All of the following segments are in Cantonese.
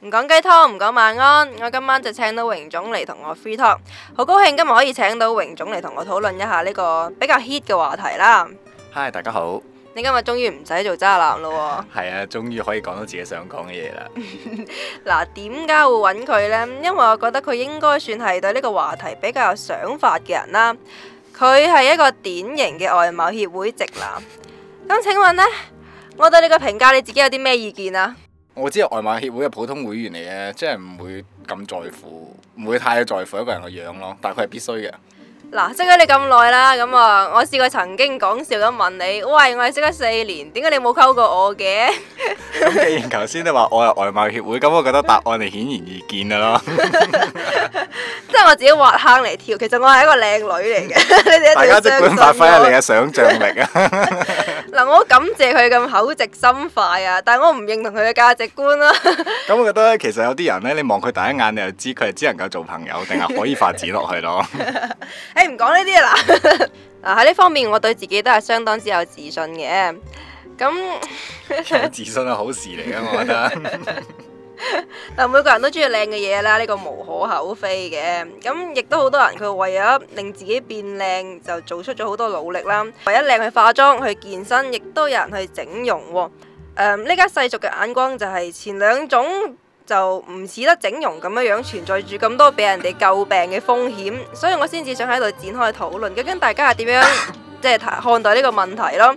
唔講雞湯，唔講晚安，我今晚就請到榮總嚟同我 free talk，好高興今日可以請到榮總嚟同我討論一下呢個比較 hit 嘅話題啦。Hi，大家好。你今日終於唔使做渣男咯？係啊，終於可以講到自己想講嘅嘢啦。嗱， 點解會揾佢呢？因為我覺得佢應該算係對呢個話題比較有想法嘅人啦。佢係一個典型嘅外貌協會直男。咁請問呢？我對你嘅評價，你自己有啲咩意見啊？我知外貌協會嘅普通會員嚟嘅，即係唔會咁在乎，唔會太在乎一個人嘅樣咯。但係佢係必須嘅。嗱，識咗你咁耐啦，咁啊，我試過曾經講笑咁問你，喂，我係識咗四年，點解你冇溝過我嘅？咁、嗯、既然頭先你話我係外貌協會，咁我覺得答案係顯然易見啦。 即係我自己挖坑嚟跳，其實我係一個靚女嚟嘅。你大家即管發揮下你嘅想像力啊！ 我感謝佢咁口直心快啊，但係我唔認同佢嘅價值觀啦。咁我覺得其實有啲人咧，你望佢第一眼，你就知佢係只能夠做朋友，定係可以發展落去咯。誒、 hey，唔講呢啲啦。嗱喺呢方面，我對自己都係相當之有自信嘅。咁 有自信係好事嚟嘅，我覺得。 嗱， 每個人都中意靚嘅嘢啦，呢、這個無可口非，無可厚非嘅。咁，亦都好多人佢為咗令自己變靚，就做出咗好多努力啦。為咗靚，去化妝，去健身，亦都有人去整容喎、哦。呢、呃、家世俗嘅眼光就係前兩種就唔似得整容咁樣樣存在住咁多俾人哋詬病嘅風險，所以我先至想喺度展開討論究竟大家係點樣即係 看待呢個問題咯。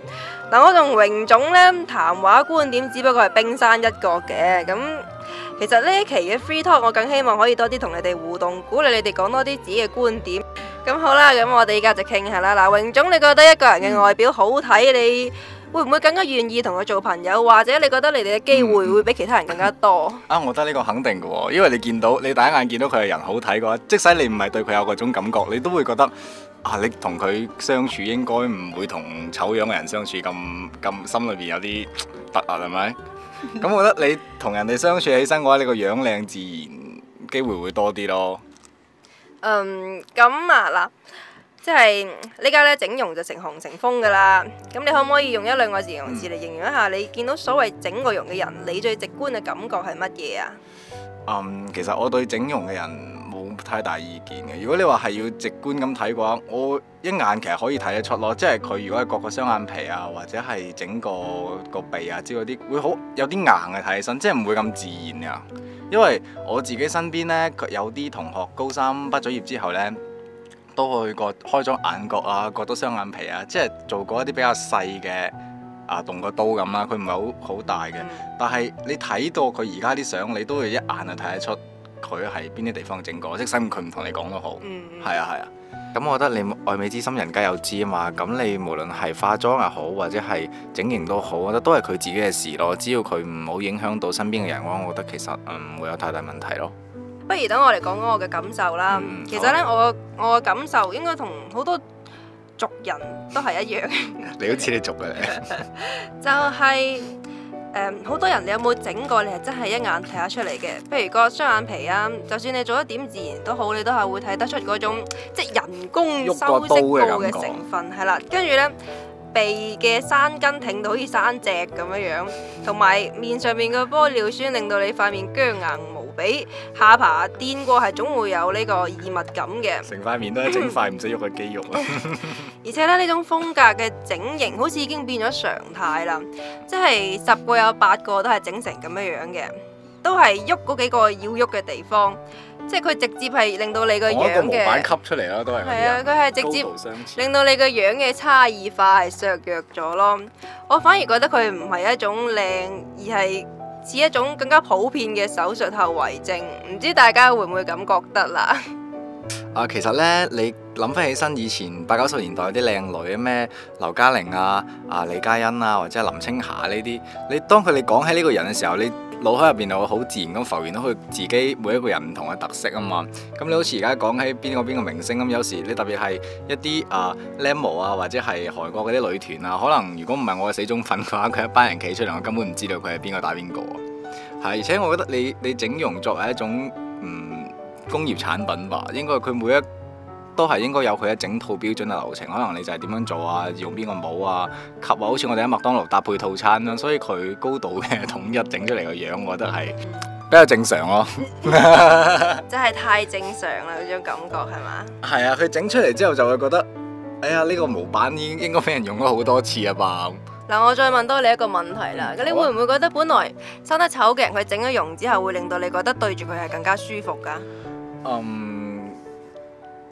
嗱，我同榮總呢，談話觀點，只不過係冰山一角嘅咁。其實呢一期嘅 free talk 我更希望可以多啲同你哋互動，鼓勵你哋講多啲自己嘅觀點。咁好啦，咁我哋依家就傾下啦。嗱，榮總，你覺得一個人嘅外表好睇，你會唔會更加願意同佢做朋友？或者你覺得你哋嘅機會會比其他人更加多？啊，我覺得呢個肯定㗎，因為你見到，你第一眼見到佢嘅人好睇嘅話，即使你唔係對佢有嗰種感覺，你都會覺得啊，你同佢相處應該唔會同醜樣嘅人相處咁，咁心裏邊有啲突兀係咪？咁 我覺得你同人哋相處起身嘅話，你個樣靚自然機會會多啲咯。嗯，咁啊嗱，即係呢家咧整容就成行成風㗎喇。咁你可唔可以用一兩個形容詞嚟形容一下你見到所謂整過容嘅人，你最直觀嘅感覺係乜嘢啊？嗯，其實我對整容嘅人太大意見嘅。如果你話係要直觀咁睇嘅話，我一眼其實可以睇得出咯。即係佢如果係割個雙眼皮啊，或者係整個個鼻啊之類啲，會好有啲硬嘅睇起身，即係唔會咁自然啊。因為我自己身邊呢，佢有啲同學高三畢咗業之後呢，都去過開咗眼角啊，割咗雙眼皮啊，即係做過一啲比較細嘅啊，動個刀咁啦。佢唔係好好大嘅，但係你睇到佢而家啲相，你都會一眼就睇得出。佢係邊啲地方整過，即使佢唔同你講都好，係啊係啊。咁、啊、我覺得你愛美之心，人皆有之啊嘛。咁你無論係化妝又好，或者係整形都好，我覺得都係佢自己嘅事咯。只要佢唔好影響到身邊嘅人嘅話，我覺得其實唔、嗯、會有太大問題咯。不如等我嚟講講我嘅感受啦。嗯、其實呢，我我嘅感受應該同好多族人都係一樣 你你。你好似你族嘅咧， 就係、是。Um, 好多人，你有冇整過？你係真係一眼睇得出嚟嘅。譬如個雙眼皮啊，就算你做得點自然都好，你都係會睇得出嗰種即係人工修飾過嘅成分，係啦。跟住呢，鼻嘅山根挺到好似山脊咁樣樣，同埋面上面嘅玻尿酸令到你塊面僵硬。俾下巴顛，顛過係總會有呢個異物感嘅，成塊面都係整塊唔使喐嘅肌肉。而且咧，呢種風格嘅整形好似已經變咗常態啦，即係十個有八個都係整成咁樣樣嘅，都係喐嗰幾個要喐嘅地方，即係佢直接係令到你個樣嘅板吸出嚟啦，都係。係啊，佢係直接令到你個樣嘅差異化係削弱咗咯。我反而覺得佢唔係一種靚，而係。似一種更加普遍嘅手術後遺症，唔知大家會唔會咁覺得啦？啊，其實呢，你諗翻起身以前八九十年代啲靚女啊，咩劉嘉玲啊、啊李嘉欣啊，或者林青霞呢啲，你當佢哋講起呢個人嘅時候，你，腦海入邊就好自然咁浮現到佢自己每一個人唔同嘅特色啊嘛，咁你好似而家講起邊個邊個明星咁，有時你特別係一啲啊靚模啊或者係韓國嗰啲女團啊，可能如果唔係我嘅死忠粉嘅話，佢一班人企出嚟，我根本唔知道佢係邊個打邊個啊。係，而且我覺得你你整容作為一種嗯工業產品吧，應該佢每一。都係應該有佢一整套標準嘅流程，可能你就係點樣做啊，用邊個帽啊，及啊，好似我哋喺麥當勞搭配套餐咁，啊，所以佢高度嘅統一整出嚟嘅樣，我覺得係比較正常咯。真係太正常啦，呢種感覺係嘛？係啊，佢整出嚟之後就會覺得，哎呀，呢、這個模板已經應該俾人用咗好多次啊吧。嗱，我再問多你一個問題啦，咁、嗯、你會唔會覺得本來生得醜嘅人，佢整咗容之後，會令到你覺得對住佢係更加舒服噶？嗯。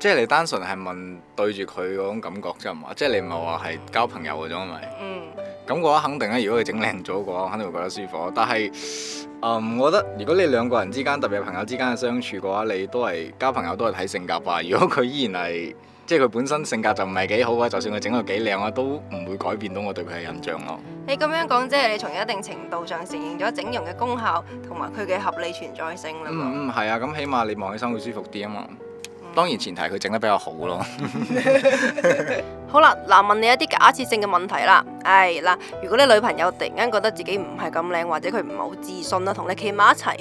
即係你單純係問對住佢嗰種感覺啫嘛，即係你唔係話係交朋友嗰種係咪？嗯。咁嘅話肯定啦，啊，如果佢整靚咗嘅話，我肯定會覺得舒服。但係，嗯，我覺得如果你兩個人之間特別係朋友之間嘅相處嘅話，你都係交朋友都係睇性格啊。如果佢依然係即係佢本身性格就唔係幾好嘅話，就算佢整到幾靚啊，都唔會改變到我對佢嘅印象咯，啊。你咁樣講，即係你從一定程度上承認咗整容嘅功效同埋佢嘅合理存在性啦。嗯，係啊，咁起碼你望起身會舒服啲啊嘛。當然前提佢整得比較好咯。 好啦，嗱問你一啲假設性嘅問題啦。誒、哎、嗱，如果你女朋友突然間覺得自己唔係咁靚，或者佢唔係好自信啦，同你企埋一齊，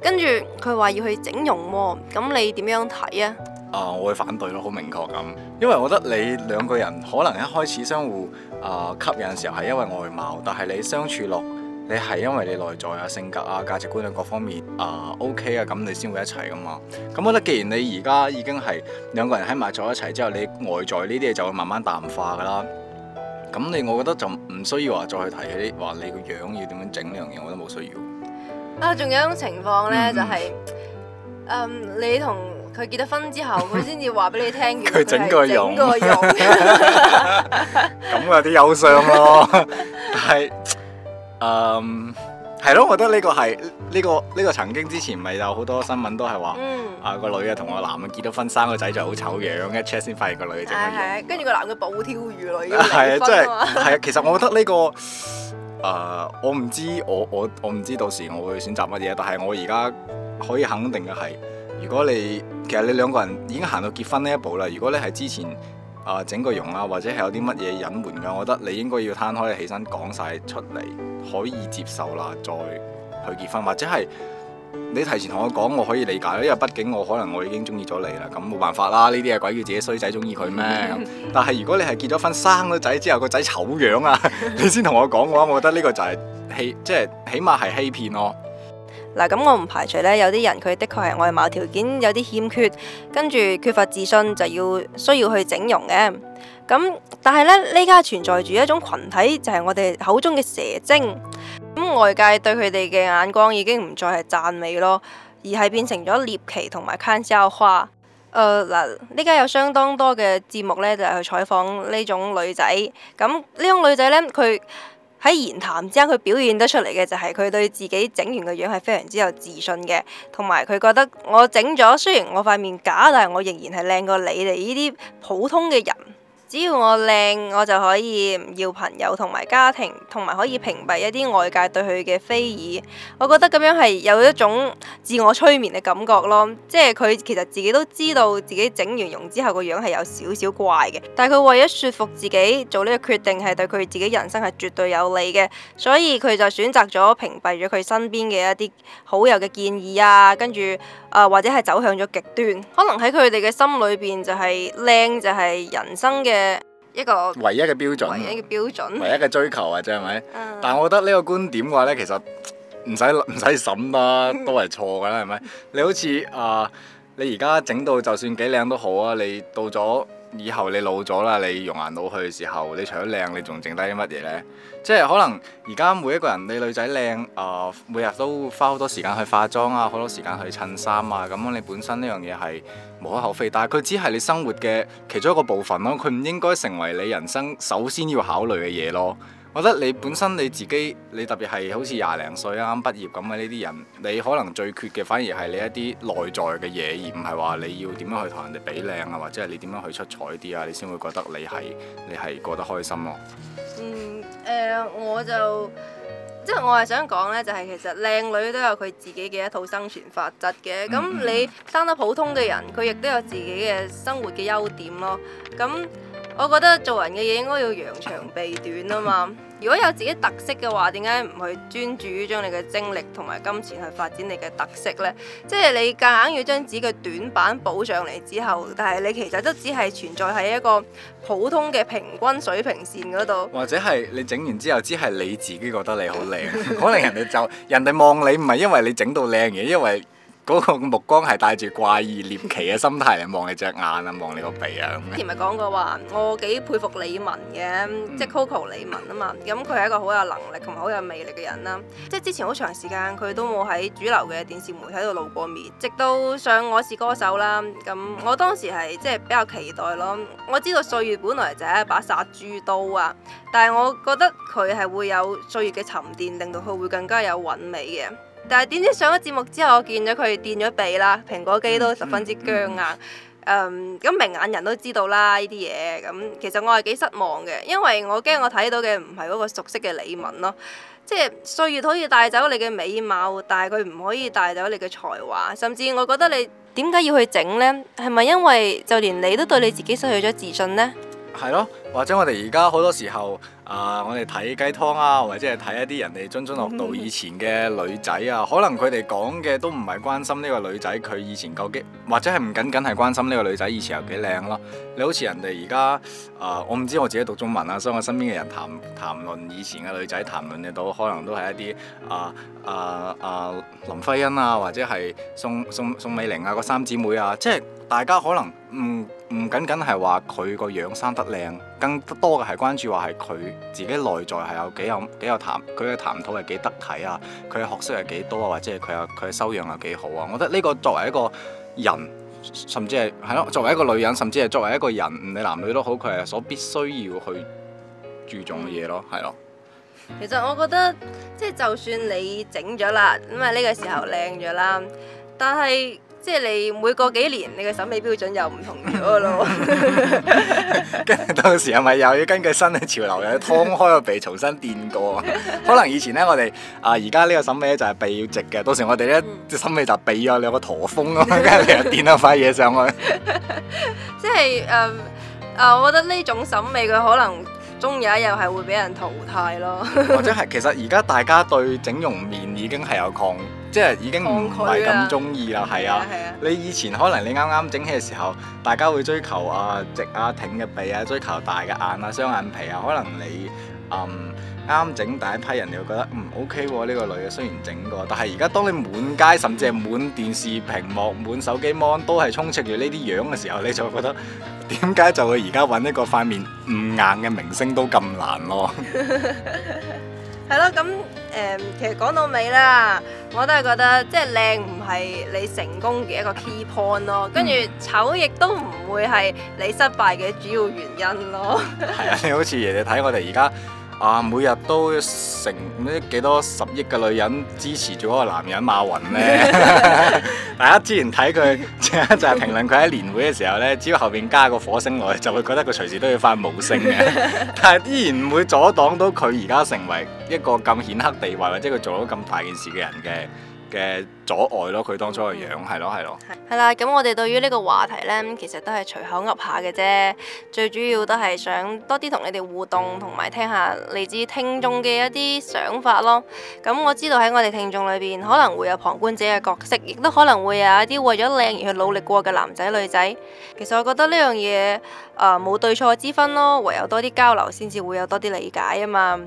跟住佢話要去整容喎、喔，咁你點樣睇啊？啊、呃，我會反對咯，好明確咁。因為我覺得你兩個人可能一開始相互誒、呃、吸引嘅時候係因為外貌，但係你相處落，你係因為你內在啊、性格啊、價值觀啊各方面啊、呃、OK 啊，咁你先會一齊噶嘛？咁我覺得既然你而家已經係兩個人喺埋咗一齊之後，你外在呢啲嘢就會慢慢淡化噶啦。咁你我覺得就唔需要話再去提起啲話你個樣要點樣整呢樣嘢，我都冇需要。啊，仲有一種情況呢， 就係、是嗯，你同佢結咗婚之後，佢先至話俾你聽，佢整 個容，整個容，咁 有啲憂傷咯，但係。誒，係咯、um,，我覺得呢個係呢、呢個呢、呢個曾經之前咪有好多新聞都係話，嗯、啊個女嘅同個男嘅結咗婚生，生個仔就好醜樣一 check 先發現個女嘅整。係係、嗯，跟住個男嘅暴跳如雷，女要離婚啊嘛。係啊、就是， 其實我覺得呢、呢個，誒、呃，我唔知我我我唔知到時我會選擇乜嘢，但係我而家可以肯定嘅係，如果你其實你兩個人已經行到結婚呢一步啦，如果你係之前啊、呃、整過容啊，或者係有啲乜嘢隱瞞嘅，我覺得你應該要攤開你起身講晒出嚟。可以接受啦，再去結婚或者係你提前同我講，我可以理解，因為畢竟我可能我已經中意咗你啦，咁冇辦法啦。呢啲係鬼叫自己衰仔中意佢咩？ 但係如果你係結咗婚 生咗仔之後個仔醜樣啊，你先同我講嘅話，我覺得呢個就係、就是、欺，即係起碼係欺騙咯。嗱，咁我唔排除呢，有啲人佢的確係外貌某條件有啲欠缺，跟住缺乏自信就要需要去整容嘅。咁，但係咧，呢家存在住一種群體，就係、是、我哋口中嘅蛇精。咁外界對佢哋嘅眼光已經唔再係讚美咯，而係變成咗獵奇同埋 cancel 化。呃、嗱，呢家有相當多嘅節目呢，就係、是、去採訪呢種女仔。咁、嗯、呢種女仔呢，佢喺言談之間，佢表現得出嚟嘅就係佢對自己整完個樣係非常之有自信嘅，同埋佢覺得我整咗，雖然我塊面假，但係我仍然係靚過你哋呢啲普通嘅人。只要我靚，我就可以唔要朋友同埋家庭，同埋可以屏蔽一啲外界對佢嘅非議，我覺得咁樣係有一種自我催眠嘅感覺咯。即係佢其實自己都知道自己整完容之後個樣係有少少怪嘅，但係佢為咗說服自己做呢個決定係對佢自己人生係絕對有利嘅，所以佢就選擇咗屏蔽咗佢身邊嘅一啲好友嘅建議啊，跟住啊或者係走向咗極端。可能喺佢哋嘅心裏邊就係靚就係、是、人生嘅一個唯一嘅標準，唯一嘅標準，唯一嘅追求啊，即係咪？ 但係我覺得呢個觀點嘅話呢，其實唔使唔使審啦，都係錯噶啦，係咪？ 呃，你好似啊，你而家整到就算幾靚都好啊，你到咗。以後你老咗啦，你容顏老去嘅時候，你除咗靚，你仲剩低啲乜嘢呢？即係可能而家每一個人，你女仔靚啊，每日都花好多時間去化妝啊，好多時間去襯衫啊，咁樣你本身呢樣嘢係無可厚非，但係佢只係你生活嘅其中一個部分咯，佢唔應該成為你人生首先要考慮嘅嘢咯。我覺得你本身你自己，你特別係好似廿零歲啱啱畢業咁嘅呢啲人，你可能最缺嘅反而係你一啲內在嘅嘢，而唔係話你要點樣去同人哋比靚啊，或者係你點樣去出彩啲啊，你先會覺得你係你係過得開心咯。嗯，誒、呃，我就即係我係想講呢，就係、係、其實靚女都有佢自己嘅一套生存法則嘅。咁你生得普通嘅人，佢亦都有自己嘅生活嘅優點咯。咁。我覺得做人嘅嘢應該要揚長避短啊嘛！如果有自己特色嘅話，點解唔去專注於將你嘅精力同埋金錢去發展你嘅特色呢？即係你夾硬要將自己嘅短板補上嚟之後，但係你其實都只係存在喺一個普通嘅平均水平線嗰度。或者係你整完之後，只係你自己覺得你好靚，可能人哋就 人哋望你唔係因為你整到靚嘅，因為。嗰個目光係帶住怪異獵奇嘅心態嚟望你隻眼啊，望你個鼻啊咁。之前咪講過話，我幾佩服李玟嘅，嗯、即係 Coco 李玟啊嘛。咁佢係一個好有能力同埋好有魅力嘅人啦。即係之前好長時間佢都冇喺主流嘅電視媒體度露過面，直到上《我是歌手》啦。咁、嗯嗯、我當時係即係比較期待咯。我知道歲月本來就係一把殺豬刀啊，但係我覺得佢係會有歲月嘅沉澱，令到佢會更加有韻味嘅。但係點知上咗節目之後，我見咗佢墊咗鼻啦，蘋果肌都十分之僵硬。咁、嗯嗯嗯、明眼人都知道啦，呢啲嘢。咁其實我係幾失望嘅，因為我驚我睇到嘅唔係嗰個熟悉嘅李玟咯。即係歲月可以帶走你嘅美貌，但係佢唔可以帶走你嘅才華。甚至我覺得你點解要去整呢？係咪因為就連你都對你自己失去咗自信呢？係咯，或者我哋而家好多時候啊、呃，我哋睇雞湯啊，或者係睇一啲人哋津津樂道以前嘅女仔啊，可能佢哋講嘅都唔係關心呢個女仔佢以前究竟，或者係唔僅僅係關心呢個女仔以前有幾靚咯。你好似人哋而家啊、呃，我唔知我自己讀中文啊，所以我身邊嘅人談談論以前嘅女仔，談論嘅到可能都係一啲啊啊啊林徽因啊，或者係宋宋宋美齡啊，個三姊妹啊，即係大家可能唔。嗯唔僅僅係話佢個樣生得靚，更多嘅係關注話係佢自己內在係有幾有幾有談，佢嘅談吐係幾得體啊，佢嘅學識係幾多啊，或者係佢有佢嘅修養係幾好啊？我覺得呢個作為一個人，甚至係係咯，作為一個女人，甚至係作為一個人，唔理男女都好，佢係所必須要去注重嘅嘢咯，係咯、啊。其實我覺得即係就算你整咗啦，咁啊呢個時候靚咗啦，嗯、但係。即係你每過幾年，你嘅審美標準又唔同咗咯。跟住到時係咪又要根據新嘅潮流又，又要劏開個鼻重新墊過？ 可能以前咧，我哋啊而家呢個審美咧就係鼻要直嘅。到時我哋咧、嗯、審美就鼻要有個駝峯啊，跟住你又墊多塊嘢上去。 即係誒誒，我覺得呢種審美佢可能終有一日係會俾人淘汰咯。 或者係其實而家大家對整容面已經係有抗。即係已經唔係咁中意啦，係啊！啊啊啊你以前可能你啱啱整起嘅時候，大家會追求啊直啊挺嘅鼻啊，追求大嘅眼啊，雙眼皮啊，可能你嗯啱整第一批人，你會覺得唔 O K 喎，呢、嗯 okay 啊呢個女嘅雖然整過，但係而家當你滿街甚至係滿電視屏幕、滿手機網都係充斥住呢啲樣嘅時候，你就會覺得點解就會而家揾一個塊面唔硬嘅明星都咁難咯？ 係咯，咁誒、嗯，其實講到尾啦，我都係覺得即係靚唔係你成功嘅一個 key point 咯，跟住醜亦都唔會係你失敗嘅主要原因咯。係、嗯、 啊，你好似爺爺睇我哋而家。啊！每日都成唔知幾多十億嘅女人支持住嗰個男人馬雲呢？ 大家之前睇佢 就係評論佢喺年會嘅時候呢，只要後邊加個火星落去，就會覺得佢隨時都要翻無星嘅。 但係依然唔會阻擋到佢而家成為一個咁顯赫地位，或者佢做咗咁大件事嘅人嘅。嘅阻礙咯，佢當初嘅樣係咯係咯，係啦。咁我哋對於呢個話題呢，其實都係隨口噏下嘅啫，最主要都係想多啲同你哋互動，同埋聽下嚟自聽眾嘅一啲想法咯。咁我知道喺我哋聽眾裏邊，可能會有旁觀者嘅角色，亦都可能會有一啲為咗靚而去努力過嘅男仔女仔。其實我覺得呢樣嘢啊冇對錯之分咯，唯有多啲交流先至會有多啲理解啊嘛。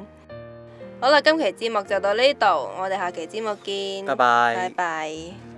好啦，今期節目就到呢度，我哋下期節目見。拜拜。拜拜。